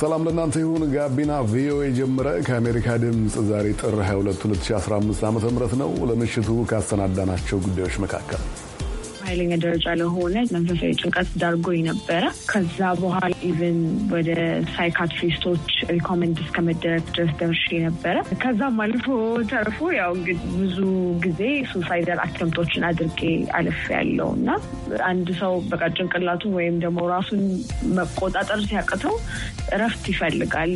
ሰላም ለእናንተ ይሁን። ጋቢና ቪኦኤ ጀምረ ከአሜሪካ ድምፅ ዛሬ ጥር 22 2015 ዓ ም ነው። ለምሽቱ ካሰናዳናቸው ጉዳዮች መካከል ኃይለኛ ደረጃ ለሆነ መንፈሳዊ ጭንቀት ዳርጎኝ ነበረ። ከዛ በኋላ ኢቨን ወደ ሳይካትሪስቶች ሪኮመንድ እስከመደረግ ድረስ ደርሼ ነበረ። ከዛም አልፎ ተርፎ ያው እንግዲህ ብዙ ጊዜ ሱሳይደር አቴምቶችን አድርጌ አልፍ ያለው እና አንድ ሰው በቃ ጭንቅላቱን ወይም ደግሞ ራሱን መቆጣጠር ሲያቅተው እረፍት ይፈልጋል።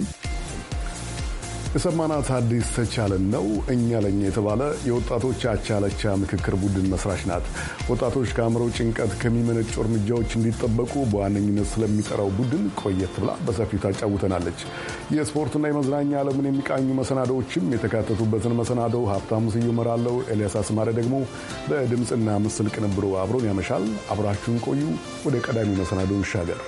የሰማናት አዲስ ተቻለን ነው። እኛ ለኛ የተባለ የወጣቶች አቻለቻ ምክክር ቡድን መስራች ናት። ወጣቶች ከአእምሮ ጭንቀት ከሚመነጩ እርምጃዎች እንዲጠበቁ በዋነኝነት ስለሚጠራው ቡድን ቆየት ብላ በሰፊው ታጫውተናለች። የስፖርትና የመዝናኛ ዓለምን የሚቃኙ መሰናዶዎችም የተካተቱበትን መሰናዶ ሀብታሙ ስዩ እመራለሁ። ኤልያስ አስማረ ደግሞ በድምፅና ምስል ቅንብሮ አብሮን ያመሻል። አብራችሁን ቆዩ። ወደ ቀዳሚው መሰናዶ ይሻገር።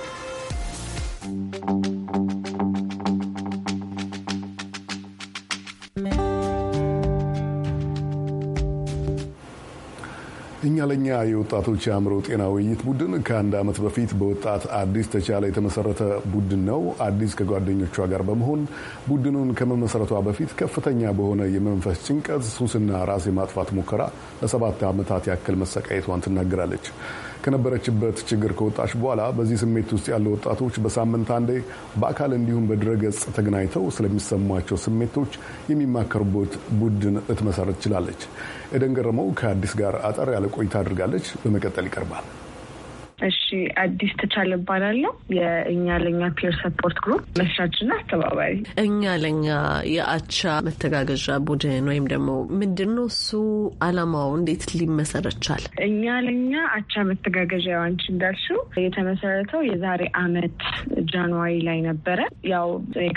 መለኛ የወጣቶች የአእምሮ ጤና ውይይት ቡድን ከአንድ ዓመት በፊት በወጣት አዲስ ተቻለ የተመሰረተ ቡድን ነው። አዲስ ከጓደኞቿ ጋር በመሆን ቡድኑን ከመመሰረቷ በፊት ከፍተኛ በሆነ የመንፈስ ጭንቀት፣ ሱስና ራስ የማጥፋት ሙከራ ለሰባት ዓመታት ያክል መሰቃየቷን ትናገራለች። ከነበረችበት ችግር ከወጣች በኋላ በዚህ ስሜት ውስጥ ያሉ ወጣቶች በሳምንት አንዴ በአካል እንዲሁም በድረገጽ ተገናኝተው ስለሚሰሟቸው ስሜቶች የሚማከሩበት ቡድን ልትመሰረት ችላለች። ኤደን ገረመው ከአዲስ ጋር አጠር ያለ ቆይታ አድርጋለች። በመቀጠል ይቀርባል። እሺ አዲስ ተቻለ እባላለሁ። የእኛ ለኛ ፒር ሰፖርት ግሩፕ መስራችና አስተባባሪ። እኛ ለኛ የአቻ መተጋገዣ ቡድን ወይም ደግሞ ምንድን ነው እሱ አላማው? እንዴት ሊመሰረቻል እኛ ለኛ አቻ መተጋገዣ አንቺ እንዳልሽው የተመሰረተው የዛሬ አመት ጃንዋሪ ላይ ነበረ። ያው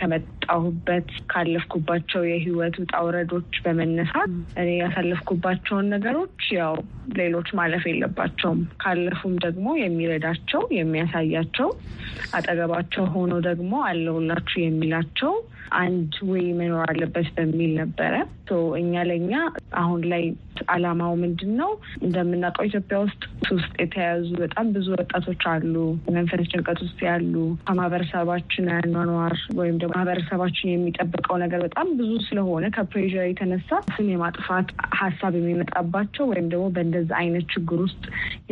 ከመጣ ከመጣሁበት ካለፍኩባቸው የህይወት ውጣ ውረዶች በመነሳት እኔ ያሳለፍኩባቸውን ነገሮች ያው ሌሎች ማለፍ የለባቸውም። ካለፉም ደግሞ የሚረዳቸው የሚያሳያቸው፣ አጠገባቸው ሆኖ ደግሞ አለውላችሁ የሚላቸው አንድ ወይ መኖር አለበት በሚል ነበረ። እኛ ለእኛ አሁን ላይ አላማው ምንድን ነው? እንደምናውቀው ኢትዮጵያ ውስጥ ውስጥ የተያዙ በጣም ብዙ ወጣቶች አሉ፣ መንፈስ ጭንቀት ውስጥ ያሉ ከማህበረሰባችን አኗኗር ወይም ደግሞ ማህበረሰባችን የሚጠብቀው ነገር በጣም ብዙ ስለሆነ ከፕሬር የተነሳ ስም የማጥፋት ሀሳብ የሚመጣባቸው ወይም ደግሞ በእንደዚ አይነት ችግር ውስጥ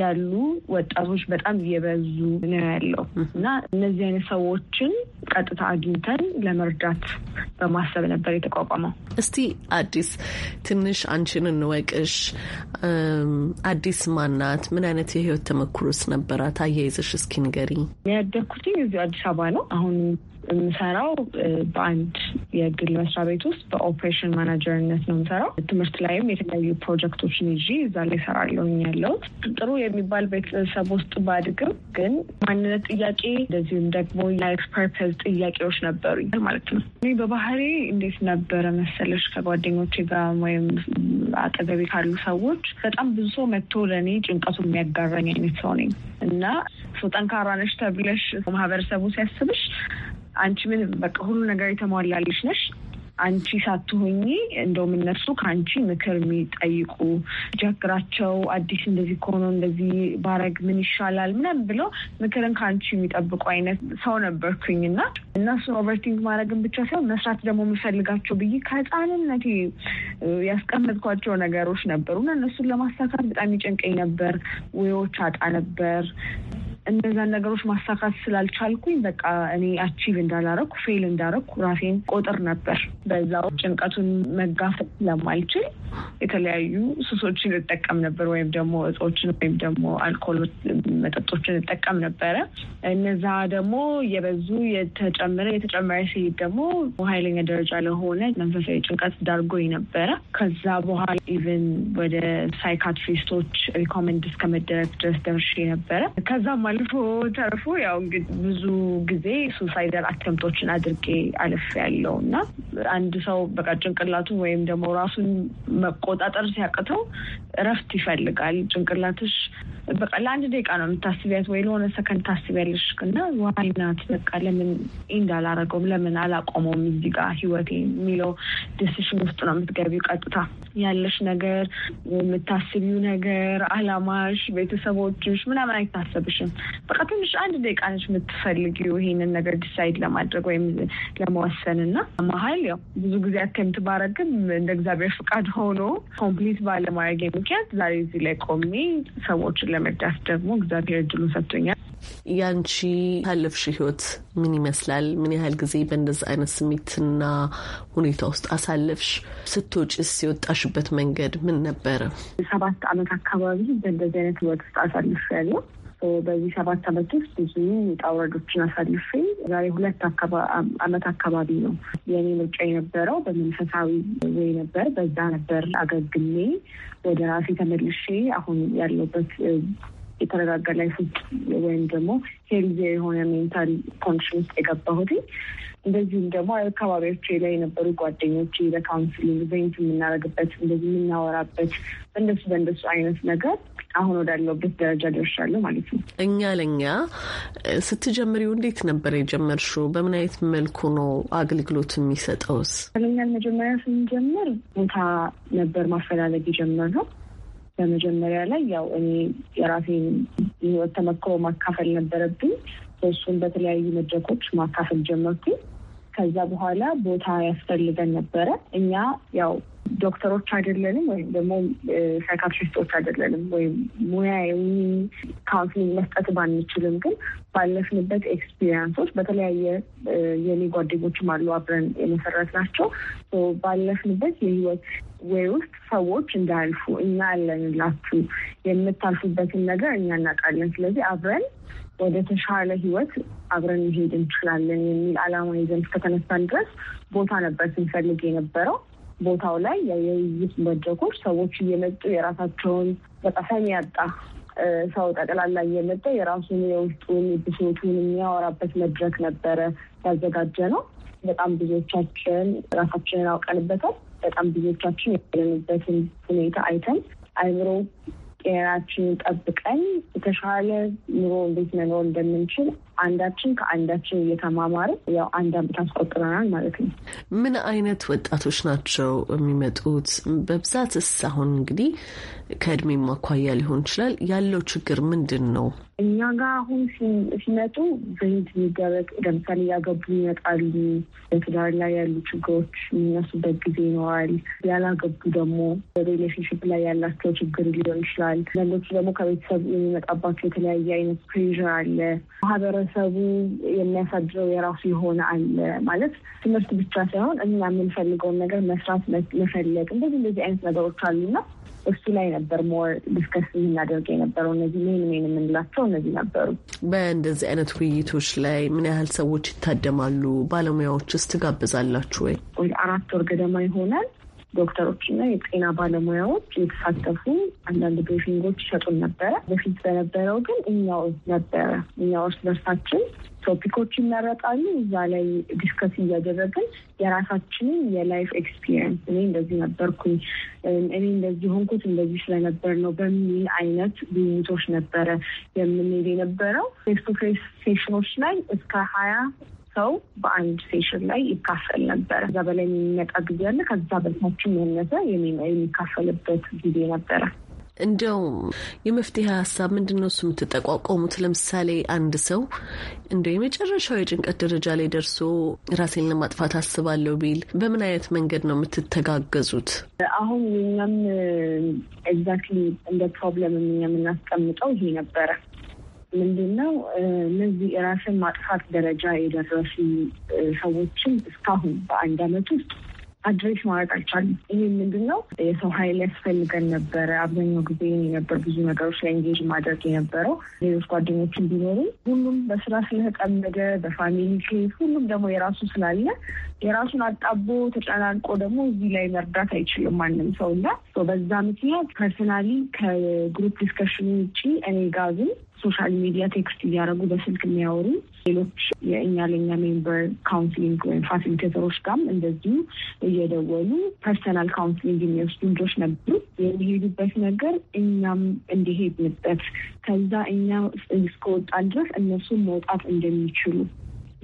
ያሉ ወጣቶች በጣም እየበዙ ነው ያለው እና እነዚህ አይነት ሰዎችን ቀጥታ አግኝተን ለመርዳት ለመስራት በማሰብ ነበር የተቋቋመው። እስቲ አዲስ ትንሽ አንቺን እንወቅሽ። አዲስ ማናት? ምን አይነት የህይወት ተመክሮስ ነበራት? አያይዘሽ እስኪ ንገሪ። ያደግኩትኝ እዚሁ አዲስ አበባ ነው። አሁን የምሰራው በአንድ የግል መስሪያ ቤት ውስጥ በኦፕሬሽን ማናጀርነት ነው የምሰራው። ትምህርት ላይም የተለያዩ ፕሮጀክቶችን ይዤ እዛ ላይ እሰራለሁኝ ያለሁት። ጥሩ የሚባል ቤተሰብ ውስጥ ባድግም ግን ማንነት ጥያቄ እንደዚሁም ደግሞ ላይፍ ፐርፐዝ ጥያቄዎች ነበሩ ማለት ነው። እኔ በባህሪ እንዴት ነበረ መሰለሽ ከጓደኞቼ ጋር ወይም አጠገቤ ካሉ ሰዎች በጣም ብዙ ሰው መጥቶ ለእኔ ጭንቀቱ የሚያጋራኝ አይነት ሰው ነኝ እና ሰው ጠንካራ ነሽ ተብለሽ ማህበረሰቡ ሲያስብሽ አንቺ ምን በቃ ሁሉ ነገር የተሟላልሽ ነሽ አንቺ ሳትሆኚ እንደውም እነሱ ከአንቺ ምክር የሚጠይቁ ጀግራቸው አዲስ እንደዚህ ከሆነ እንደዚህ ባረግ ምን ይሻላል ምናምን ብለው ምክርን ከአንቺ የሚጠብቁ አይነት ሰው ነበርኩኝ እና እነሱን ኦቨርቲንግ ማድረግን ብቻ ሳይሆን መስራት ደግሞ የምፈልጋቸው ብዬ ከህፃንነት ያስቀመጥኳቸው ነገሮች ነበሩ እና እነሱን ለማሳካት በጣም ይጨንቀኝ ነበር። ውዎች አጣ ነበር እነዛን ነገሮች ማሳካት ስላልቻልኩኝ በቃ እኔ አቺቭ እንዳላረኩ ፌል እንዳረኩ ራሴን ቆጥር ነበር። በዛው ጭንቀቱን መጋፈጥ ስለማልችል የተለያዩ ሱሶችን እጠቀም ነበር፣ ወይም ደግሞ እጾችን ወይም ደግሞ አልኮል መጠጦችን እጠቀም ነበረ። እነዛ ደግሞ የበዙ የተጨመረ የተጨመረ ሲሄድ ደግሞ ኃይለኛ ደረጃ ለሆነ መንፈሳዊ ጭንቀት ዳርጎኝ ነበረ። ከዛ በኋላ ኢቨን ወደ ሳይካትሪስቶች ሪኮመንድ እስከመደረግ ድረስ ደርሼ ነበረ። ከዛም አልፎ ተርፎ ያው እንግዲህ ብዙ ጊዜ ሱሳይደር አተምቶችን አድርጌ አልፍ ያለው እና አንድ ሰው በቃ ጭንቅላቱ ወይም ደግሞ ራሱን መቆጣጠር ሲያቅተው እረፍት ይፈልጋል። ጭንቅላትሽ በቃ ለአንድ ደቂቃ ነው የምታስቢያት ወይ ለሆነ ሰከንድ ታስቢያለሽ እና ዋይናት በቃ ለምን እንዳላረገውም ለምን አላቆመውም እዚህ ጋር ህይወቴ የሚለው ዲሲሽን ውስጥ ነው የምትገቢው። ቀጥታ ያለሽ ነገር የምታስቢው ነገር አላማሽ፣ ቤተሰቦችሽ ምናምን አይታሰብሽም። በቃ ትንሽ አንድ ደቂቃ ነች የምትፈልጊው ይሄንን ነገር ዲሳይድ ለማድረግ ወይም ለመወሰን እና መሀል ያው ብዙ ጊዜ አቴምት ባረግም እንደ እግዚአብሔር ፍቃድ ሆኖ ኮምፕሊት ባለማድረግ ምክንያት ዛሬ እዚህ ላይ ቆሜ ሰዎችን ለመርዳት ደግሞ እግዚአብሔር እድሉ ሰጥቶኛል። ያንቺ ካለፍሽ ህይወት ምን ይመስላል? ምን ያህል ጊዜ በእንደዚ አይነት ስሜትና ሁኔታ ውስጥ አሳለፍሽ? ስትወጪስ የወጣሽበት መንገድ ምን ነበረ? ሰባት አመት አካባቢ በእንደዚህ አይነት ህይወት ውስጥ አሳልፍ ያለው በዚህ ሰባት አመት ውስጥ ብዙ ውጣ ውረዶችን አሳልፌ ዛሬ ሁለት አመት አካባቢ ነው የእኔ ምርጫ የነበረው በመንፈሳዊ ወይ ነበር። በዛ ነበር አገግሜ ወደ ራሴ ተመልሼ አሁን ያለበት የተረጋጋ ላይፍ ውስጥ ወይም ደግሞ ሄልዝ የሆነ ሜንታል ኮንዲሽን ውስጥ የገባሁትኝ እንደዚሁም ደግሞ አካባቢዎች ላይ የነበሩ ጓደኞች ለካውንስሊንግ ዘይንት የምናደርግበት እንደዚህ የምናወራበት በእንደሱ በእንደሱ አይነት ነገር አሁን ወዳለውበት ደረጃ ደርሻለሁ ማለት ነው። እኛ ለእኛ ስትጀምሪው እንዴት ነበር የጀመርሽው? በምን አይነት መልኩ ነው አገልግሎት የሚሰጠውስ? ለእኛን መጀመሪያ ስንጀምር ቦታ ነበር ማፈላለግ የጀመርነው በመጀመሪያ ላይ ያው እኔ የራሴን ህይወት ተመክሮ ማካፈል ነበረብኝ። እሱን በተለያዩ መድረኮች ማካፈል ጀመርኩኝ። ከዛ በኋላ ቦታ ያስፈልገን ነበረ። እኛ ያው ዶክተሮች አይደለንም ወይም ደግሞ ሳይካትሪስቶች አይደለንም ወይም ሙያዊ ካውንስሊንግ መስጠት ባንችልም ግን ባለፍንበት ኤክስፒሪንሶች በተለያየ የኔ ጓደኞችም አሉ አብረን የመሰረት ናቸው ባለፍንበት የህይወት ወይ ውስጥ ሰዎች እንዳያልፉ እኛ ያለንላችሁ የምታልፉበትን ነገር እኛ እናውቃለን። ስለዚህ አብረን ወደ ተሻለ ህይወት አብረን መሄድ እንችላለን የሚል አላማ ይዘን እስከተነሳን ድረስ ቦታ ነበር ስንፈልግ የነበረው። ቦታው ላይ የውይይት መድረኮች ሰዎች እየመጡ የራሳቸውን በጣፈም ያጣ ሰው ጠቅላላ እየመጣ የራሱን የውስጡን ብሶቱን የሚያወራበት መድረክ ነበረ ያዘጋጀ ነው። በጣም ብዙዎቻችን ራሳችንን አውቀንበታል። በጣም ብዙዎቻችን ያለንበትን ሁኔታ አይተን አይምሮ ጤናችንን ጠብቀን የተሻለ ኑሮ እንዴት መኖር እንደምንችል አንዳችን ከአንዳችን እየተማማረ ያው አንድ አመት አስቆጥረናል ማለት ነው። ምን አይነት ወጣቶች ናቸው የሚመጡት? በብዛትስ አሁን እንግዲህ ከእድሜ ማኳያ ሊሆን ይችላል ያለው ችግር ምንድን ነው? እኛ ጋር አሁን ሲመጡ በሂድ የሚደረግ ለምሳሌ ያገቡ ይመጣሉ። በትዳር ላይ ያሉ ችግሮች የሚነሱበት ጊዜ ይኖራል። ያላገቡ ደግሞ በሪሌሽንሽፕ ላይ ያላቸው ችግር ሊሆን ይችላል። አንዳንዶቹ ደግሞ ከቤተሰብ የሚመጣባቸው የተለያየ አይነት ፕሬዥር አለ። ማህበረሰቡ የሚያሳድረው የራሱ የሆነ አለ ማለት ትምህርት ብቻ ሳይሆን እኛ የምንፈልገውን ነገር መስራት መፈለግ እንደዚህ እንደዚህ አይነት ነገሮች አሉና እሱ ላይ ነበር ሞር ዲስከስ የምናደርግ የነበረው። እነዚህ ሜን ሜን የምንላቸው እነዚህ ነበሩ። በእንደዚህ አይነት ውይይቶች ላይ ምን ያህል ሰዎች ይታደማሉ? ባለሙያዎችስ ትጋብዛላችሁ ወይ? አራት ወር ገደማ ይሆናል። ዶክተሮች እና የጤና ባለሙያዎች የተሳተፉ አንዳንድ ብሪፊንጎች ይሰጡን ነበረ። በፊት በነበረው ግን እኛው ነበረ እኛው እርስ በርሳችን ቶፒኮች ይመረጣሉ። እዛ ላይ ዲስከስ እያደረግን የራሳችንን የላይፍ ኤክስፒሪየንስ እኔ እንደዚህ ነበርኩኝ፣ እኔ እንደዚህ ሆንኩት፣ እንደዚህ ስለነበር ነው በሚል አይነት ውይይቶች ነበረ የምንሄድ የነበረው። ፌስ ቱ ፌስ ሴሽኖች ላይ እስከ ሀያ ሰው በአንድ ሴሽን ላይ ይካፈል ነበረ። ከዛ በላይ የሚመጣ ጊዜ አለ። ከዛ በታችም ያነሰ የሚካፈልበት ጊዜ ነበረ። እንዲያው የመፍትሄ ሀሳብ ምንድን ነው? እሱ የምትጠቋቋሙት ለምሳሌ አንድ ሰው እንደ የመጨረሻው የጭንቀት ደረጃ ላይ ደርሶ ራሴን ለማጥፋት አስባለሁ ቢል በምን አይነት መንገድ ነው የምትተጋገዙት? አሁን የኛም ኤግዛክትሊ እንደ ፕሮብለም የምናስቀምጠው ይሄ ነበረ። ምንድን ነው እነዚህ የራስን ማጥፋት ደረጃ የደረሱ ሰዎችን እስካሁን በአንድ አመት ውስጥ አድሬስ ማድረግ አልቻለም። ይህ ምንድን ነው የሰው ኃይል ያስፈልገን ነበረ። አብዛኛው ጊዜ የነበር ብዙ ነገሮች ላይ ማድረግ የነበረው ሌሎች ጓደኞችን ቢኖሩም ሁሉም በስራ ስለተጠመደ በፋሚሊ ኬዝ ሁሉም ደግሞ የራሱ ስላለ የራሱን አጣቦ ተጨናንቆ ደግሞ እዚህ ላይ መርዳት አይችልም ማንም ሰው እና በዛ ምክንያት ፐርሰናሊ ከግሩፕ ዲስከሽን ውጭ እኔ ጋር ግን ሶሻል ሚዲያ ቴክስት እያደረጉ በስልክ የሚያወሩ ሌሎች የእኛ ለኛ ሜምበር ካውንስሊንግ ወይም ፋሲሊቴተሮች ጋም እንደዚሁ እየደወሉ ፐርሰናል ካውንስሊንግ የሚወስዱ ልጆች ነበሩ። የሚሄዱበት ነገር እኛም እንዲሄድንበት ከዛ እኛ እስከወጣ ድረስ እነሱን መውጣት እንደሚችሉ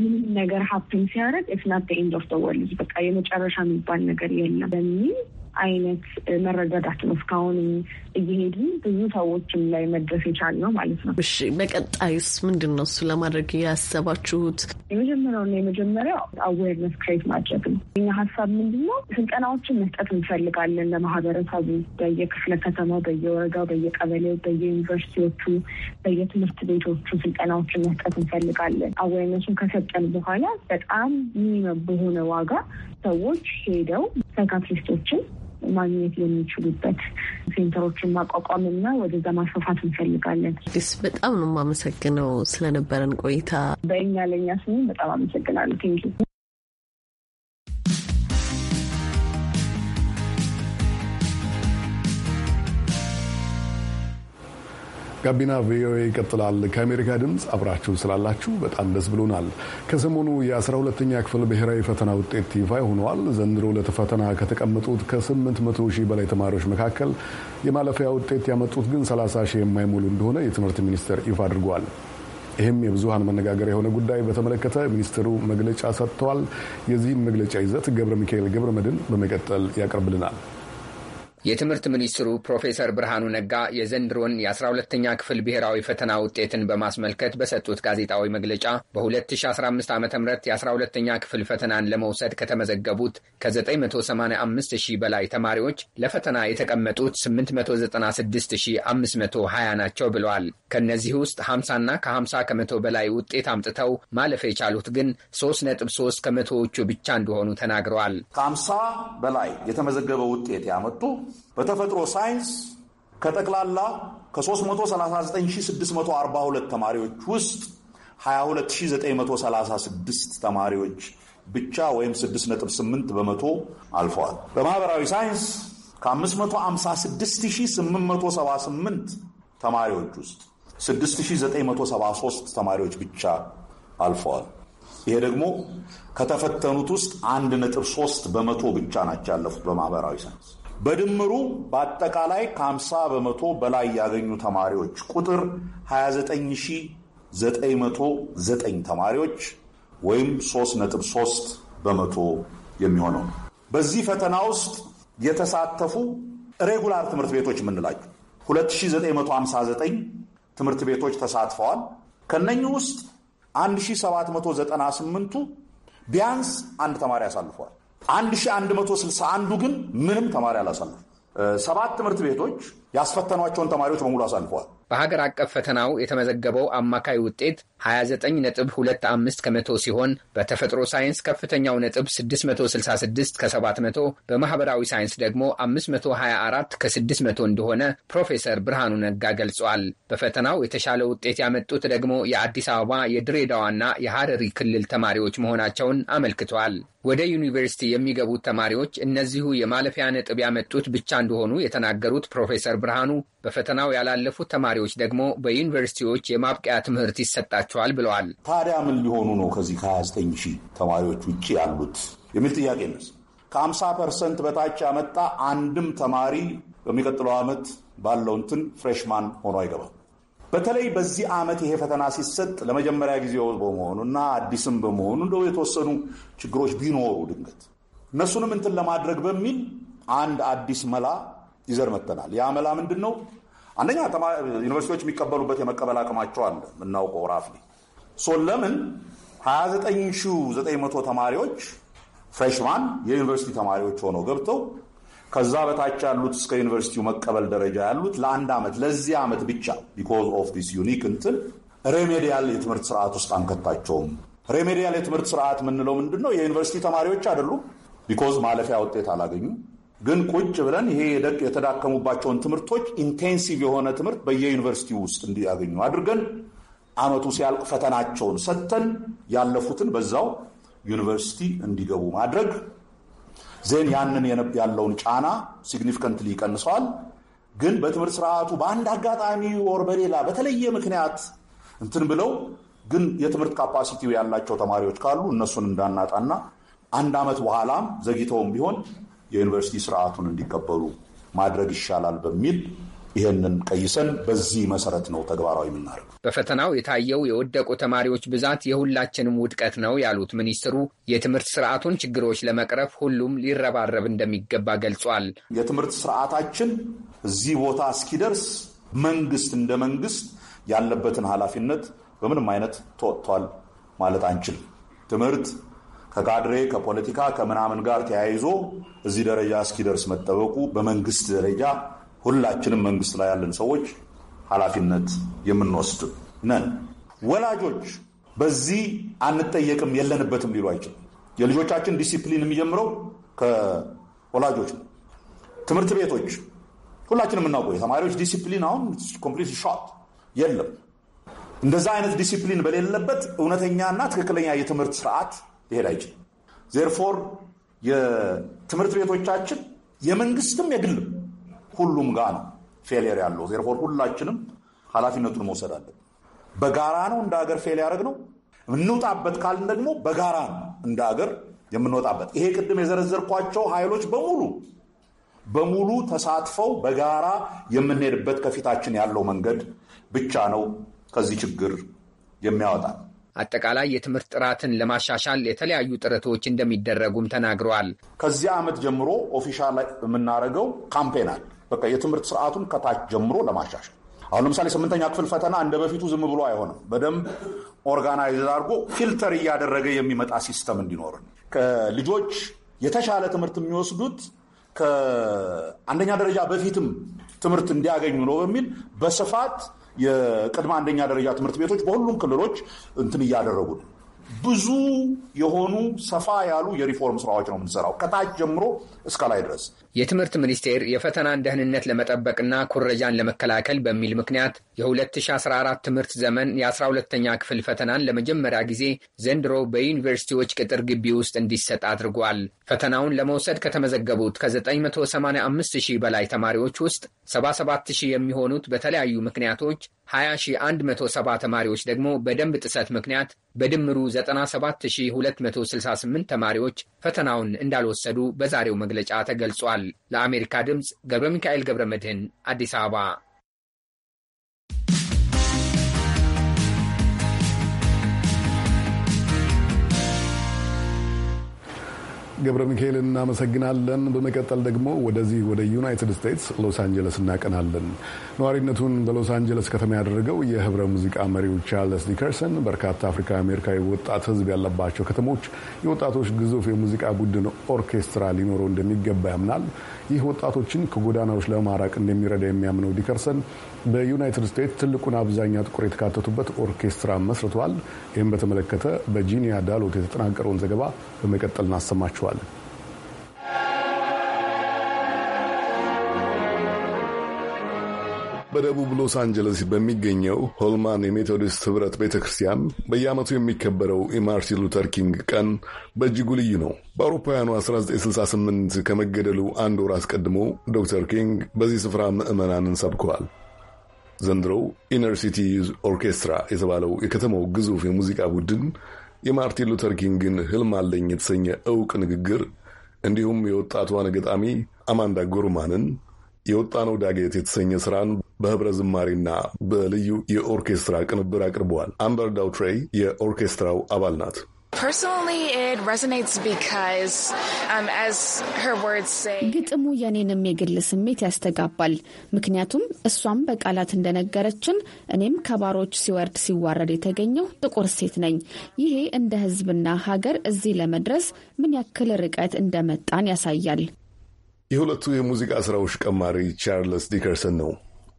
ምንም ነገር ሀፕን ሲያደርግ ኢትስ ናት ኤንድ ኦፍ ወርልድ በቃ የመጨረሻ የሚባል ነገር የለም በሚል አይነት መረዳዳት ነው እስካሁን እየሄዱ ብዙ ሰዎችም ላይ መድረስ የቻል ነው ማለት ነው። እሺ፣ በቀጣይስ ምንድን ነው እሱ ለማድረግ ያሰባችሁት? የመጀመሪያው የመጀመሪያውና የመጀመሪያው አዌርነስ ክሬት ማድረግ ነው። እኛ ሀሳብ ምንድን ነው ስልጠናዎችን መስጠት እንፈልጋለን ለማህበረሰቡ በየክፍለ ከተማው፣ በየወረዳው፣ በየቀበሌው፣ በየዩኒቨርሲቲዎቹ፣ በየትምህርት ቤቶቹ ስልጠናዎችን መስጠት እንፈልጋለን። አዌርነሱን ከሰጠን በኋላ በጣም ሚኒመም በሆነ ዋጋ ሰዎች ሄደው ሳይካትሪስቶችን ማግኘት የሚችሉበት ሴንተሮችን ማቋቋም እና ወደዛ ማስፋፋት እንፈልጋለን። ስ በጣም ነው የማመሰግነው ስለነበረን ቆይታ። በእኛ ለእኛ ስሙ በጣም አመሰግናለሁ። ቴንኪ ጋቢና ቪኦኤ ይቀጥላል። ከአሜሪካ ድምፅ አብራችሁ ስላላችሁ በጣም ደስ ብሎናል። ከሰሞኑ የ 12 ክፍል ብሔራዊ ፈተና ውጤት ይፋ ሆነዋል። ዘንድሮ ለፈተና ከተቀመጡት ከ800 ሺህ በላይ ተማሪዎች መካከል የማለፊያ ውጤት ያመጡት ግን 30 ሺህ የማይሞሉ እንደሆነ የትምህርት ሚኒስቴር ይፋ አድርጓል። ይህም የብዙሀን መነጋገር የሆነ ጉዳይ በተመለከተ ሚኒስትሩ መግለጫ ሰጥተዋል። የዚህን መግለጫ ይዘት ገብረ ሚካኤል ገብረ መድን በመቀጠል ያቀርብልናል። የትምህርት ሚኒስትሩ ፕሮፌሰር ብርሃኑ ነጋ የዘንድሮን የ12ተኛ ክፍል ብሔራዊ ፈተና ውጤትን በማስመልከት በሰጡት ጋዜጣዊ መግለጫ በ2015 ዓ ም የ12ተኛ ክፍል ፈተናን ለመውሰድ ከተመዘገቡት ከ985 ሺህ በላይ ተማሪዎች ለፈተና የተቀመጡት 896520 ናቸው ብለዋል። ከእነዚህ ውስጥ 50ና ከ50 ከመቶ በላይ ውጤት አምጥተው ማለፍ የቻሉት ግን 3.3 ከመቶዎቹ ብቻ እንደሆኑ ተናግረዋል። ከ50 በላይ የተመዘገበ ውጤት ያመጡ በተፈጥሮ ሳይንስ ከጠቅላላ ከ339642 ተማሪዎች ውስጥ 22936 ተማሪዎች ብቻ ወይም 6.8 በመቶ አልፈዋል። በማህበራዊ ሳይንስ ከ556878 ተማሪዎች ውስጥ 6973 ተማሪዎች ብቻ አልፈዋል። ይሄ ደግሞ ከተፈተኑት ውስጥ 1.3 በመቶ ብቻ ናቸው ያለፉት በማህበራዊ ሳይንስ። በድምሩ በአጠቃላይ ከ50 በመቶ በላይ ያገኙ ተማሪዎች ቁጥር 29909 ተማሪዎች ወይም 3.3 በመቶ የሚሆነው በዚህ ፈተና ውስጥ የተሳተፉ ሬጉላር ትምህርት ቤቶች የምንላቸው 2959 ትምህርት ቤቶች ተሳትፈዋል። ከነኚህ ውስጥ 1798ቱ ቢያንስ አንድ ተማሪ አሳልፈዋል። ስልሳ አንዱ ግን ምንም ተማሪ አላሳለፉ። ሰባት ትምህርት ቤቶች ያስፈተኗቸውን ተማሪዎች በሙሉ አሳልፈዋል። በሀገር አቀፍ ፈተናው የተመዘገበው አማካይ ውጤት 29.25 ከመቶ ሲሆን በተፈጥሮ ሳይንስ ከፍተኛው ነጥብ 666 ከ700፣ በማህበራዊ ሳይንስ ደግሞ 524 ከ600 እንደሆነ ፕሮፌሰር ብርሃኑ ነጋ ገልጿል። በፈተናው የተሻለ ውጤት ያመጡት ደግሞ የአዲስ አበባ የድሬዳዋና የሐረሪ ክልል ተማሪዎች መሆናቸውን አመልክቷል። ወደ ዩኒቨርሲቲ የሚገቡት ተማሪዎች እነዚሁ የማለፊያ ነጥብ ያመጡት ብቻ እንደሆኑ የተናገሩት ፕሮፌሰር ብርሃኑ በፈተናው ያላለፉት ተማሪዎች ደግሞ በዩኒቨርሲቲዎች የማብቂያ ትምህርት ይሰጣቸዋል ብለዋል። ታዲያ ምን ሊሆኑ ነው ከዚህ ከ29 ሺህ ተማሪዎች ውጭ ያሉት የሚል ጥያቄ ነስ ከ50 ፐርሰንት በታች ያመጣ አንድም ተማሪ በሚቀጥለው ዓመት ባለው እንትን ፍሬሽማን ሆኖ አይገባም። በተለይ በዚህ ዓመት ይሄ ፈተና ሲሰጥ ለመጀመሪያ ጊዜው በመሆኑ እና አዲስም በመሆኑ እንደው የተወሰኑ ችግሮች ቢኖሩ ድንገት እነሱንም እንትን ለማድረግ በሚል አንድ አዲስ መላ ይዘር መተናል። ያ መላ ምንድን ነው? አንደኛ ዩኒቨርሲቲዎች የሚቀበሉበት የመቀበል አቅማቸው አለ የምናውቀው ራፍ ሶ ለምን 29900 ተማሪዎች ፍሬሽማን የዩኒቨርሲቲ ተማሪዎች ሆነው ገብተው ከዛ በታች ያሉት እስከ ዩኒቨርሲቲው መቀበል ደረጃ ያሉት ለአንድ ዓመት ለዚህ ዓመት ብቻ ቢኮዝ ኦፍ ዲስ ዩኒክ እንትን ሬሜዲያል የትምህርት ስርዓት ውስጥ አንከታቸውም። ሬሜዲያል የትምህርት ስርዓት የምንለው ምንድን ነው? የዩኒቨርሲቲ ተማሪዎች አይደሉም። ቢኮዝ ማለፊያ ውጤት አላገኙም። ግን ቁጭ ብለን ይሄ የተዳከሙባቸውን ትምህርቶች ኢንቴንሲቭ የሆነ ትምህርት በየዩኒቨርሲቲ ውስጥ እንዲያገኙ አድርገን አመቱ ሲያልቅ ፈተናቸውን ሰጥተን ያለፉትን በዛው ዩኒቨርሲቲ እንዲገቡ ማድረግ ዜን ያንን ያለውን ጫና ሲግኒፊካንትሊ ይቀንሰዋል። ግን በትምህርት ስርዓቱ በአንድ አጋጣሚ ወር በሌላ በተለየ ምክንያት እንትን ብለው ግን የትምህርት ካፓሲቲው ያላቸው ተማሪዎች ካሉ እነሱን እንዳናጣና አንድ ዓመት በኋላም ዘግይተውም ቢሆን የዩኒቨርሲቲ ስርዓቱን እንዲቀበሉ ማድረግ ይሻላል በሚል ይህንን ቀይሰን በዚህ መሰረት ነው ተግባራዊ የምናደርግ። በፈተናው የታየው የወደቁ ተማሪዎች ብዛት የሁላችንም ውድቀት ነው ያሉት ሚኒስትሩ የትምህርት ስርዓቱን ችግሮች ለመቅረፍ ሁሉም ሊረባረብ እንደሚገባ ገልጿል። የትምህርት ስርዓታችን እዚህ ቦታ እስኪደርስ መንግስት እንደ መንግስት ያለበትን ኃላፊነት በምንም አይነት ተወጥቷል ማለት አንችልም። ትምህርት ከካድሬ ከፖለቲካ ከምናምን ጋር ተያይዞ እዚህ ደረጃ እስኪደርስ መጠበቁ በመንግስት ደረጃ ሁላችንም መንግስት ላይ ያለን ሰዎች ኃላፊነት የምንወስድ ነን። ወላጆች በዚህ አንጠየቅም የለንበትም ሊሉ አይችልም። የልጆቻችን ዲሲፕሊን የሚጀምረው ከወላጆች ነው። ትምህርት ቤቶች ሁላችንም የምናውቀው የተማሪዎች ዲሲፕሊን አሁን ኮምፕሊት ሾት የለም። እንደዛ አይነት ዲሲፕሊን በሌለበት እውነተኛና ትክክለኛ የትምህርት ስርዓት ሊሄድ አይችልም። ዜርፎር የትምህርት ቤቶቻችን የመንግስትም የግልም ሁሉም ጋ ነው ፌሊየር ያለው። ዜርፎር ሁላችንም ኃላፊነቱን መውሰድ አለን። በጋራ ነው እንደ ሀገር ፌል ነው የምንወጣበት ካልን ደግሞ በጋራ ነው እንደ ሀገር የምንወጣበት። ይሄ ቅድም የዘረዘርኳቸው ኃይሎች በሙሉ በሙሉ ተሳትፈው በጋራ የምንሄድበት ከፊታችን ያለው መንገድ ብቻ ነው ከዚህ ችግር የሚያወጣል። አጠቃላይ የትምህርት ጥራትን ለማሻሻል የተለያዩ ጥረቶች እንደሚደረጉም ተናግረዋል። ከዚህ ዓመት ጀምሮ ኦፊሻል የምናደርገው ካምፔን በቃ የትምህርት ስርዓቱን ከታች ጀምሮ ለማሻሻል አሁን ለምሳሌ ስምንተኛ ክፍል ፈተና እንደ በፊቱ ዝም ብሎ አይሆንም። በደንብ ኦርጋናይዝ አድርጎ ፊልተር እያደረገ የሚመጣ ሲስተም እንዲኖርን ከልጆች የተሻለ ትምህርት የሚወስዱት ከአንደኛ ደረጃ በፊትም ትምህርት እንዲያገኙ ነው በሚል በስፋት የቅድመ አንደኛ ደረጃ ትምህርት ቤቶች በሁሉም ክልሎች እንትን እያደረጉ ነው። ብዙ የሆኑ ሰፋ ያሉ የሪፎርም ስራዎች ነው የምንሰራው ከታች ጀምሮ እስከ ላይ ድረስ። የትምህርት ሚኒስቴር የፈተናን ደህንነት ለመጠበቅና ኩረጃን ለመከላከል በሚል ምክንያት የ2014 ትምህርት ዘመን የ12ተኛ ክፍል ፈተናን ለመጀመሪያ ጊዜ ዘንድሮ በዩኒቨርሲቲዎች ቅጥር ግቢ ውስጥ እንዲሰጥ አድርጓል። ፈተናውን ለመውሰድ ከተመዘገቡት ከ985 ሺህ በላይ ተማሪዎች ውስጥ 77 ሺህ የሚሆኑት በተለያዩ ምክንያቶች 20107 ተማሪዎች ደግሞ በደንብ ጥሰት ምክንያት በድምሩ 97268 ተማሪዎች ፈተናውን እንዳልወሰዱ በዛሬው መግለጫ ተገልጿል። ለአሜሪካ ድምፅ ገብረ ሚካኤል ገብረ መድህን አዲስ አበባ ገብረ ሚካኤል እናመሰግናለን። በመቀጠል ደግሞ ወደዚህ ወደ ዩናይትድ ስቴትስ ሎስ አንጀለስ እናቀናለን። ነዋሪነቱን በሎስ አንጀለስ ከተማ ያደረገው የህብረ ሙዚቃ መሪው ቻርልስ ዲከርሰን በርካታ አፍሪካ አሜሪካዊ ወጣት ህዝብ ያለባቸው ከተሞች የወጣቶች ግዙፍ የሙዚቃ ቡድን ኦርኬስትራ ሊኖረው እንደሚገባ ያምናል። ይህ ወጣቶችን ከጎዳናዎች ለማራቅ እንደሚረዳ የሚያምነው ዲከርሰን በዩናይትድ ስቴትስ ትልቁን አብዛኛ ጥቁር የተካተቱበት ኦርኬስትራ መስርቷል። ይህም በተመለከተ በጂኒያ ዳሎት የተጠናቀረውን ዘገባ በመቀጠል እናሰማችኋል። እንችለዋለን። በደቡብ ሎስ አንጀለስ በሚገኘው ሆልማን የሜቶዲስት ህብረት ቤተ ክርስቲያን በየዓመቱ የሚከበረው የማርቲን ሉተር ኪንግ ቀን በእጅጉ ልዩ ነው። በአውሮፓውያኑ 1968 ከመገደሉ አንድ ወር አስቀድሞ ዶክተር ኪንግ በዚህ ስፍራ ምዕመናንን ሰብከዋል። ዘንድሮው ኢነር ሲቲ ኦርኬስትራ የተባለው የከተማው ግዙፍ የሙዚቃ ቡድን የማርቲን ሉተር ኪንግን ህልም አለኝ የተሰኘ እውቅ ንግግር እንዲሁም የወጣቷን ገጣሚ አማንዳ የወጣ ነው ዳገት የተሰኘ ስራን በህብረ ዝማሬና በልዩ የኦርኬስትራ ቅንብር አቅርበዋል። አምበር ዳውትሬይ የኦርኬስትራው አባል ናት። Um, ግጥሙ የኔንም የግል ስሜት ያስተጋባል። ምክንያቱም እሷም በቃላት እንደነገረችን እኔም ከባሮች ሲወርድ ሲዋረድ የተገኘው ጥቁር ሴት ነኝ። ይሄ እንደ ሕዝብና ሀገር እዚህ ለመድረስ ምን ያክል ርቀት እንደመጣን ያሳያል። የሁለቱ የሙዚቃ ስራዎች ቀማሪ ቻርልስ ዲከርሰን ነው።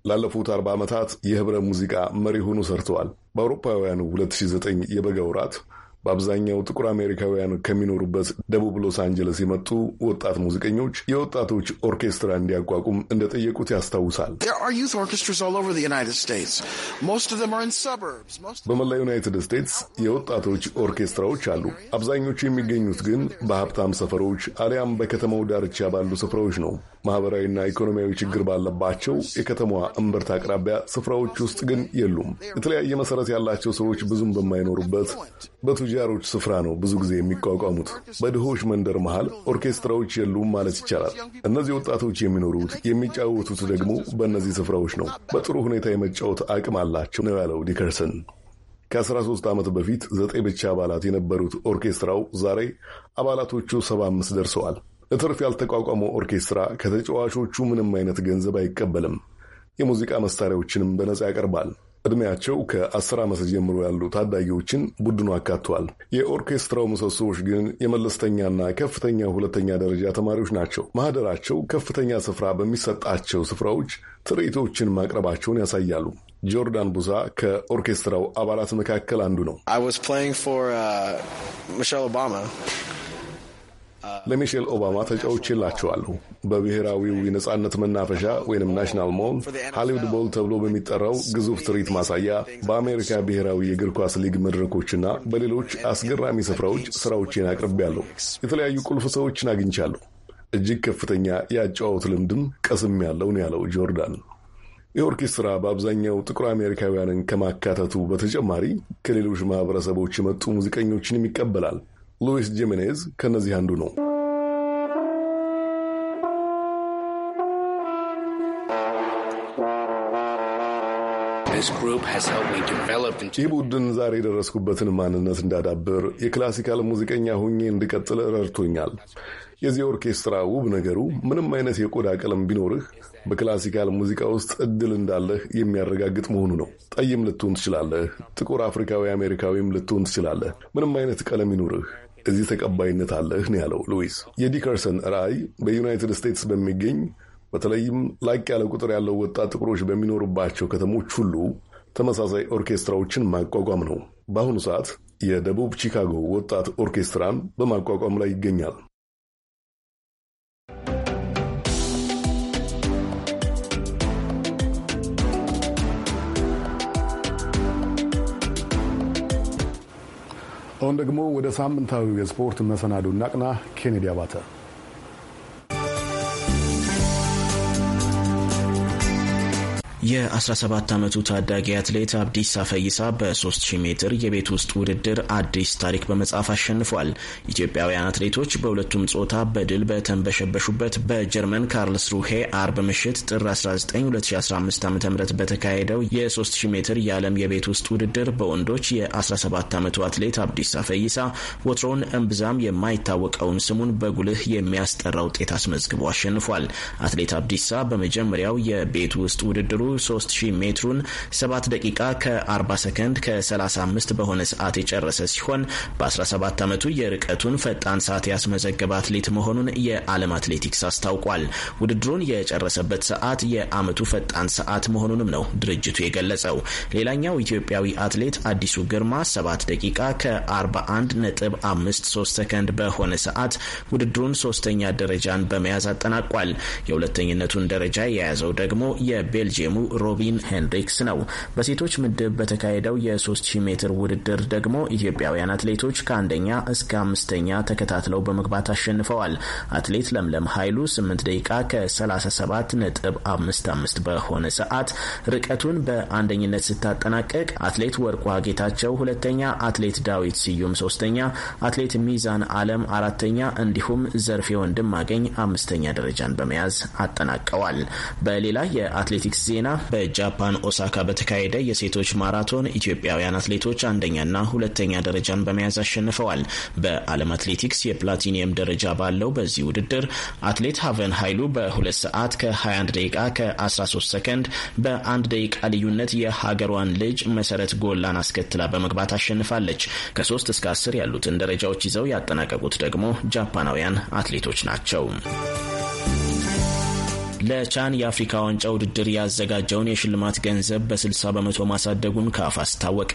ላለፉት 40 ዓመታት የህብረ ሙዚቃ መሪ ሆኖ ሰርተዋል። በአውሮፓውያኑ 2009 የበጋ ወራት በአብዛኛው ጥቁር አሜሪካውያን ከሚኖሩበት ደቡብ ሎስ አንጀለስ የመጡ ወጣት ሙዚቀኞች የወጣቶች ኦርኬስትራ እንዲያቋቁም እንደጠየቁት ያስታውሳል። በመላ ዩናይትድ ስቴትስ የወጣቶች ኦርኬስትራዎች አሉ። አብዛኞቹ የሚገኙት ግን በሀብታም ሰፈሮች አሊያም በከተማው ዳርቻ ባሉ ስፍራዎች ነው። ማህበራዊና ኢኮኖሚያዊ ችግር ባለባቸው የከተማዋ እምብርት አቅራቢያ ስፍራዎች ውስጥ ግን የሉም። የተለያየ መሰረት ያላቸው ሰዎች ብዙም በማይኖሩበት በቱጃ የጃሮች ስፍራ ነው ብዙ ጊዜ የሚቋቋሙት። በድሆች መንደር መሃል ኦርኬስትራዎች የሉም ማለት ይቻላል። እነዚህ ወጣቶች የሚኖሩት የሚጫወቱት ደግሞ በእነዚህ ስፍራዎች ነው። በጥሩ ሁኔታ የመጫወት አቅም አላቸው ነው ያለው ዲከርሰን። ከ13 ዓመት በፊት ዘጠኝ ብቻ አባላት የነበሩት ኦርኬስትራው ዛሬ አባላቶቹ 75 ደርሰዋል። ለትርፍ ያልተቋቋመው ኦርኬስትራ ከተጫዋቾቹ ምንም አይነት ገንዘብ አይቀበልም። የሙዚቃ መሳሪያዎችንም በነጻ ያቀርባል። ዕድሜያቸው ከአስር ዓመት ጀምሮ ያሉ ታዳጊዎችን ቡድኑ አካቷል። የኦርኬስትራው ምሰሶዎች ግን የመለስተኛና ከፍተኛ ሁለተኛ ደረጃ ተማሪዎች ናቸው። ማህደራቸው ከፍተኛ ስፍራ በሚሰጣቸው ስፍራዎች ትርኢቶችን ማቅረባቸውን ያሳያሉ። ጆርዳን ቡዛ ከኦርኬስትራው አባላት መካከል አንዱ ነው። ለሚሼል ኦባማ ተጫዎች የላቸዋለሁ። በብሔራዊው የነጻነት መናፈሻ ወይም ናሽናል ሞል ሃሊውድ ቦል ተብሎ በሚጠራው ግዙፍ ትርኢት ማሳያ፣ በአሜሪካ ብሔራዊ የእግር ኳስ ሊግ መድረኮችና በሌሎች አስገራሚ ስፍራዎች ስራዎቼን አቅርቤያለሁ። የተለያዩ ቁልፍ ሰዎችን አግኝቻለሁ። እጅግ ከፍተኛ የአጨዋወት ልምድም ቀስም ያለው ነው ያለው ጆርዳን። የኦርኬስትራ በአብዛኛው ጥቁር አሜሪካውያንን ከማካተቱ በተጨማሪ ከሌሎች ማህበረሰቦች የመጡ ሙዚቀኞችንም ይቀበላል። ሉዊስ ጂሜኔዝ ከእነዚህ አንዱ ነው። ይህ ቡድን ዛሬ የደረስኩበትን ማንነት እንዳዳብር የክላሲካል ሙዚቀኛ ሁኜ እንድቀጥል ረድቶኛል። የዚህ ኦርኬስትራ ውብ ነገሩ ምንም አይነት የቆዳ ቀለም ቢኖርህ በክላሲካል ሙዚቃ ውስጥ እድል እንዳለህ የሚያረጋግጥ መሆኑ ነው። ጠይም ልትሆን ትችላለህ። ጥቁር አፍሪካዊ አሜሪካዊም ልትሆን ትችላለህ። ምንም አይነት ቀለም ይኖርህ እዚህ ተቀባይነት አለህ ነው ያለው ሉዊስ። የዲከርሰን ራዕይ በዩናይትድ ስቴትስ በሚገኝ በተለይም ላቅ ያለ ቁጥር ያለው ወጣት ጥቁሮች በሚኖሩባቸው ከተሞች ሁሉ ተመሳሳይ ኦርኬስትራዎችን ማቋቋም ነው። በአሁኑ ሰዓት የደቡብ ቺካጎ ወጣት ኦርኬስትራን በማቋቋም ላይ ይገኛል። አሁን ደግሞ ወደ ሳምንታዊ የስፖርት መሰናዶ እናቅና። ኬኔዲ አባተ የ17 ዓመቱ ታዳጊ አትሌት አብዲሳ ፈይሳ በ3000 ሜትር የቤት ውስጥ ውድድር አዲስ ታሪክ በመጻፍ አሸንፏል። ኢትዮጵያውያን አትሌቶች በሁለቱም ጾታ በድል በተንበሸበሹበት በጀርመን ካርልስ ሩሄ አርብ ምሽት ጥር 19 2015 ዓ.ም በተካሄደው የ3000 ሜትር የዓለም የቤት ውስጥ ውድድር በወንዶች የ17 ዓመቱ አትሌት አብዲሳ ፈይሳ ወትሮውን እምብዛም የማይታወቀውን ስሙን በጉልህ የሚያስጠራ ውጤት አስመዝግቦ አሸንፏል። አትሌት አብዲሳ በመጀመሪያው የቤት ውስጥ ውድድሩ 3000 ሜትሩን 7 ደቂቃ ከ40 ሰከንድ ከ35 በሆነ ሰዓት የጨረሰ ሲሆን በ17 ዓመቱ የርቀቱን ፈጣን ሰዓት ያስመዘገበ አትሌት መሆኑን የዓለም አትሌቲክስ አስታውቋል። ውድድሩን የጨረሰበት ሰዓት የዓመቱ ፈጣን ሰዓት መሆኑንም ነው ድርጅቱ የገለጸው። ሌላኛው ኢትዮጵያዊ አትሌት አዲሱ ግርማ 7 ደቂቃ ከ41 ነጥብ 53 ሰከንድ በሆነ ሰዓት ውድድሩን ሶስተኛ ደረጃን በመያዝ አጠናቋል። የሁለተኝነቱን ደረጃ የያዘው ደግሞ የቤልጅየሙ ሮቢን ሄንሪክስ ነው። በሴቶች ምድብ በተካሄደው የ3000 ሜትር ውድድር ደግሞ ኢትዮጵያውያን አትሌቶች ከአንደኛ እስከ አምስተኛ ተከታትለው በመግባት አሸንፈዋል። አትሌት ለምለም ኃይሉ 8 ደቂቃ ከ37 ነጥብ 55 በሆነ ሰዓት ርቀቱን በአንደኝነት ስታጠናቀቅ፣ አትሌት ወርቋ ጌታቸው ሁለተኛ፣ አትሌት ዳዊት ስዩም ሶስተኛ፣ አትሌት ሚዛን አለም አራተኛ፣ እንዲሁም ዘርፌ ወንድም አገኝ አምስተኛ ደረጃን በመያዝ አጠናቀዋል። በሌላ የአትሌቲክስ ዜና ዜና በጃፓን ኦሳካ በተካሄደ የሴቶች ማራቶን ኢትዮጵያውያን አትሌቶች አንደኛና ሁለተኛ ደረጃን በመያዝ አሸንፈዋል። በዓለም አትሌቲክስ የፕላቲኒየም ደረጃ ባለው በዚህ ውድድር አትሌት ሀቨን ኃይሉ በ2 ሰዓት ከ21 ደቂቃ ከ13 ሰከንድ በአንድ ደቂቃ ልዩነት የሀገሯን ልጅ መሰረት ጎላን አስከትላ በመግባት አሸንፋለች። ከ3 እስከ 10 ያሉትን ደረጃዎች ይዘው ያጠናቀቁት ደግሞ ጃፓናውያን አትሌቶች ናቸው። ለቻን የአፍሪካ ዋንጫ ውድድር ያዘጋጀውን የሽልማት ገንዘብ በ60 በመቶ ማሳደጉን ካፍ አስታወቀ።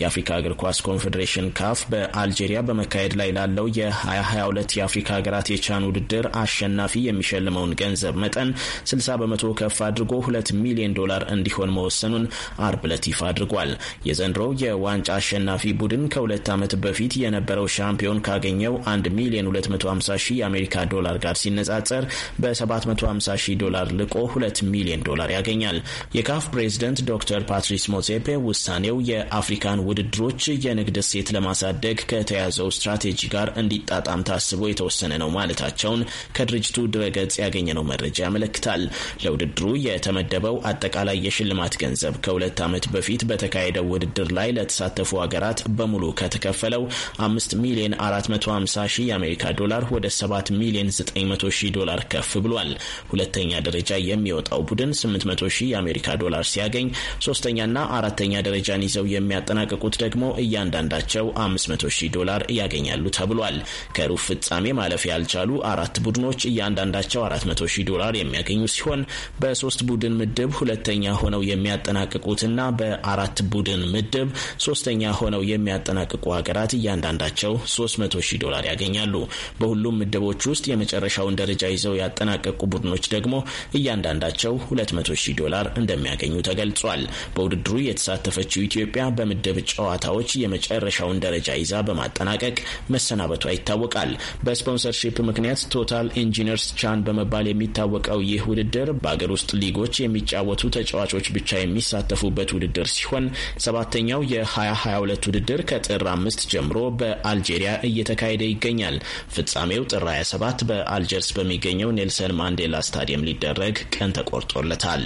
የአፍሪካ እግር ኳስ ኮንፌዴሬሽን ካፍ በአልጄሪያ በመካሄድ ላይ ላለው የ2022 የአፍሪካ ሀገራት የቻን ውድድር አሸናፊ የሚሸልመውን ገንዘብ መጠን 60 በመቶ ከፍ አድርጎ 2 ሚሊዮን ዶላር እንዲሆን መወሰኑን አርብ ዕለት ይፋ አድርጓል። የዘንድሮው የዋንጫ አሸናፊ ቡድን ከሁለት ዓመት በፊት የነበረው ሻምፒዮን ካገኘው 1 ሚሊዮን 250 ሺህ የአሜሪካ ዶላር ጋር ሲነጻጸር በ750 ሺህ ዶላር ልቆ 2 ሚሊዮን ዶላር ያገኛል። የካፍ ፕሬዚደንት ዶክተር ፓትሪስ ሞሴፔ ውሳኔው የአፍሪካን ውድድሮች የንግድ እሴት ለማሳደግ ከተያዘው ስትራቴጂ ጋር እንዲጣጣም ታስቦ የተወሰነ ነው ማለታቸውን ከድርጅቱ ድረገጽ ያገኘነው መረጃ ያመለክታል። ለውድድሩ የተመደበው አጠቃላይ የሽልማት ገንዘብ ከሁለት ዓመት በፊት በተካሄደው ውድድር ላይ ለተሳተፉ ሀገራት በሙሉ ከተከፈለው 5 ሚሊዮን 450 ሺህ የአሜሪካ ዶላር ወደ 7 ሚሊዮን 900 ሺህ ዶላር ከፍ ብሏል። ሁለተኛ ደረጃ የሚወጣው ቡድን 800 ሺህ የአሜሪካ ዶላር ሲያገኝ ሶስተኛና አራተኛ ደረጃን ይዘው የሚያጠናቅቁት ደግሞ እያንዳንዳቸው 500 ሺህ ዶላር ያገኛሉ ተብሏል። ከሩብ ፍጻሜ ማለፍ ያልቻሉ አራት ቡድኖች እያንዳንዳቸው 400 ሺህ ዶላር የሚያገኙ ሲሆን በሶስት ቡድን ምድብ ሁለተኛ ሆነው የሚያጠናቅቁትና በአራት ቡድን ምድብ ሶስተኛ ሆነው የሚያጠናቅቁ ሀገራት እያንዳንዳቸው 300 ሺህ ዶላር ያገኛሉ። በሁሉም ምድቦች ውስጥ የመጨረሻውን ደረጃ ይዘው ያጠናቀቁ ቡድኖች ደግሞ እያንዳንዳቸው 200,000 ዶላር እንደሚያገኙ ተገልጿል። በውድድሩ የተሳተፈችው ኢትዮጵያ በምድብ ጨዋታዎች የመጨረሻውን ደረጃ ይዛ በማጠናቀቅ መሰናበቷ ይታወቃል። በስፖንሰርሺፕ ምክንያት ቶታል ኢንጂነርስ ቻን በመባል የሚታወቀው ይህ ውድድር በአገር ውስጥ ሊጎች የሚጫወቱ ተጫዋቾች ብቻ የሚሳተፉበት ውድድር ሲሆን ሰባተኛው የ2022 ውድድር ከጥር አምስት ጀምሮ በአልጄሪያ እየተካሄደ ይገኛል። ፍጻሜው ጥር 27 በአልጀርስ በሚገኘው ኔልሰን ማንዴላ ስታዲየም እንዲደረግ ቀን ተቆርጦለታል።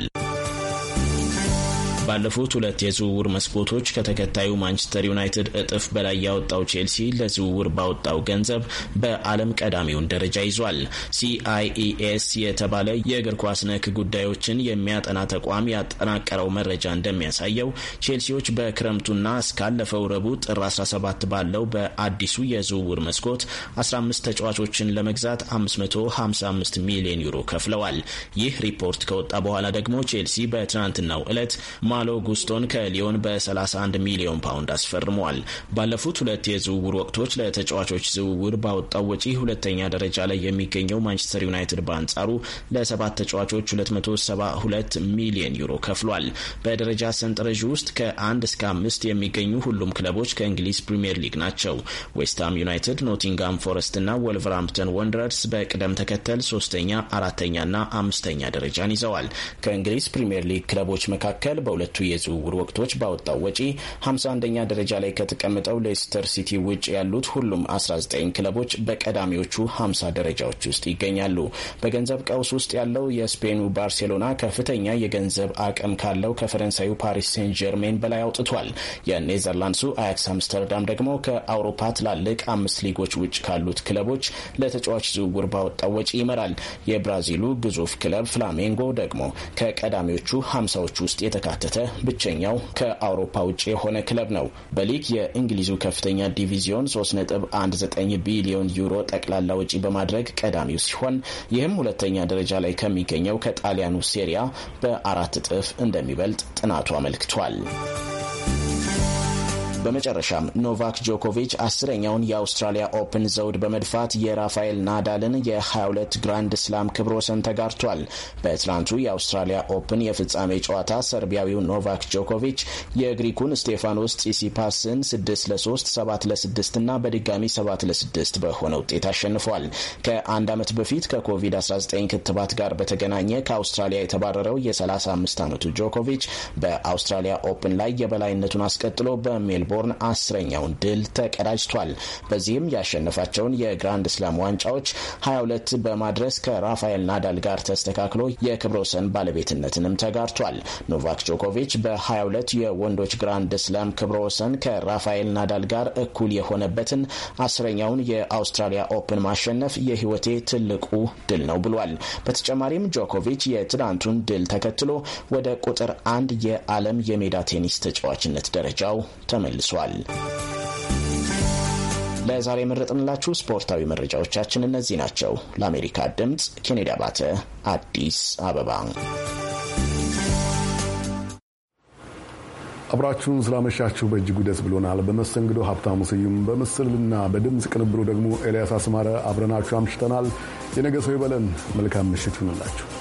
ባለፉት ሁለት የዝውውር መስኮቶች ከተከታዩ ማንቸስተር ዩናይትድ እጥፍ በላይ ያወጣው ቼልሲ ለዝውውር ባወጣው ገንዘብ በዓለም ቀዳሚውን ደረጃ ይዟል። ሲአይኢኤስ የተባለ የእግር ኳስ ነክ ጉዳዮችን የሚያጠና ተቋም ያጠናቀረው መረጃ እንደሚያሳየው ቼልሲዎች በክረምቱና እስካለፈው ረቡዕ ጥር 17 ባለው በአዲሱ የዝውውር መስኮት 15 ተጫዋቾችን ለመግዛት 555 ሚሊዮን ዩሮ ከፍለዋል። ይህ ሪፖርት ከወጣ በኋላ ደግሞ ቼልሲ በትናንትናው ዕለት ማሎ ጉስቶን ከሊዮን በ31 ሚሊዮን ፓውንድ አስፈርሟል። ባለፉት ሁለት የዝውውር ወቅቶች ለተጫዋቾች ዝውውር ባወጣው ወጪ ሁለተኛ ደረጃ ላይ የሚገኘው ማንቸስተር ዩናይትድ በአንጻሩ ለሰባት ተጫዋቾች 272 ሚሊዮን ዩሮ ከፍሏል። በደረጃ ሰንጠረዥ ውስጥ ከአንድ እስከ አምስት የሚገኙ ሁሉም ክለቦች ከእንግሊዝ ፕሪምየር ሊግ ናቸው። ዌስትሃም ዩናይትድ፣ ኖቲንጋም ፎረስት እና ወልቨርሃምፕተን ወንደረርስ በቅደም ተከተል ሶስተኛ፣ አራተኛና አምስተኛ ደረጃን ይዘዋል። ከእንግሊዝ ፕሪምየር ሊግ ክለቦች መካከል በሁለ በሁለቱ የዝውውር ወቅቶች ባወጣው ወጪ 51ኛ ደረጃ ላይ ከተቀምጠው ሌስተር ሲቲ ውጭ ያሉት ሁሉም 19 ክለቦች በቀዳሚዎቹ 50 ደረጃዎች ውስጥ ይገኛሉ። በገንዘብ ቀውስ ውስጥ ያለው የስፔኑ ባርሴሎና ከፍተኛ የገንዘብ አቅም ካለው ከፈረንሳዩ ፓሪስ ሴን ጀርሜን በላይ አውጥቷል። የኔዘርላንድሱ አያክስ አምስተርዳም ደግሞ ከአውሮፓ ትላልቅ አምስት ሊጎች ውጭ ካሉት ክለቦች ለተጫዋች ዝውውር ባወጣው ወጪ ይመራል። የብራዚሉ ግዙፍ ክለብ ፍላሜንጎ ደግሞ ከቀዳሚዎቹ 50 ውስጥ የተካተተ ያካተተ ብቸኛው ከአውሮፓ ውጭ የሆነ ክለብ ነው። በሊግ የእንግሊዙ ከፍተኛ ዲቪዚዮን 3.19 ቢሊዮን ዩሮ ጠቅላላ ወጪ በማድረግ ቀዳሚው ሲሆን ይህም ሁለተኛ ደረጃ ላይ ከሚገኘው ከጣሊያኑ ሴሪያ በአራት እጥፍ እንደሚበልጥ ጥናቱ አመልክቷል። በመጨረሻም ኖቫክ ጆኮቪች አስረኛውን የአውስትራሊያ ኦፕን ዘውድ በመድፋት የራፋኤል ናዳልን የ22 ግራንድ ስላም ክብረ ወሰን ተጋርቷል። በትላንቱ የአውስትራሊያ ኦፕን የፍጻሜ ጨዋታ ሰርቢያዊው ኖቫክ ጆኮቪች የግሪኩን ስቴፋኖስ ጺሲፓስን 6 ለ3፣ 7 ለ6 እና በድጋሚ 7 ለ6 በሆነ ውጤት አሸንፏል። ከአንድ ዓመት በፊት ከኮቪድ-19 ክትባት ጋር በተገናኘ ከአውስትራሊያ የተባረረው የ35 ዓመቱ ጆኮቪች በአውስትራሊያ ኦፕን ላይ የበላይነቱን አስቀጥሎ በሜልቦ ሜልቦርን አስረኛውን ድል ተቀዳጅቷል። በዚህም ያሸነፋቸውን የግራንድ ስላም ዋንጫዎች 22 በማድረስ ከራፋኤል ናዳል ጋር ተስተካክሎ የክብረ ወሰን ባለቤትነትንም ተጋርቷል። ኖቫክ ጆኮቪች በ22 የወንዶች ግራንድ ስላም ክብረ ወሰን ከራፋኤል ናዳል ጋር እኩል የሆነበትን አስረኛውን የአውስትራሊያ ኦፕን ማሸነፍ የህይወቴ ትልቁ ድል ነው ብሏል። በተጨማሪም ጆኮቪች የትናንቱን ድል ተከትሎ ወደ ቁጥር አንድ የዓለም የሜዳ ቴኒስ ተጫዋችነት ደረጃው ተመልሷል። ደርሷል። ለዛሬ የመረጥንላችሁ ስፖርታዊ መረጃዎቻችን እነዚህ ናቸው። ለአሜሪካ ድምፅ ኬኔዲ አባተ፣ አዲስ አበባ። አብራችሁን ስላመሻችሁ በእጅጉ ደስ ብሎናል። በመስተንግዶ ሀብታሙ ስዩም፣ በምስልና በድምፅ ቅንብሩ ደግሞ ኤልያስ አስማረ አብረናችሁ አምሽተናል። የነገ ሰው ይበለን። መልካም ምሽት ይሁንላችሁ።